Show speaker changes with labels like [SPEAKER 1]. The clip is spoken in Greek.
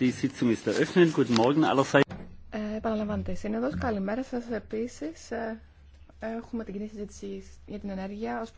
[SPEAKER 1] Die Sitzung
[SPEAKER 2] ε, επαναλαμβάνεται η Σύνοδος. Καλημέρα σα επίση. Ε, έχουμε την
[SPEAKER 3] κοινή συζήτηση για την ενέργεια ως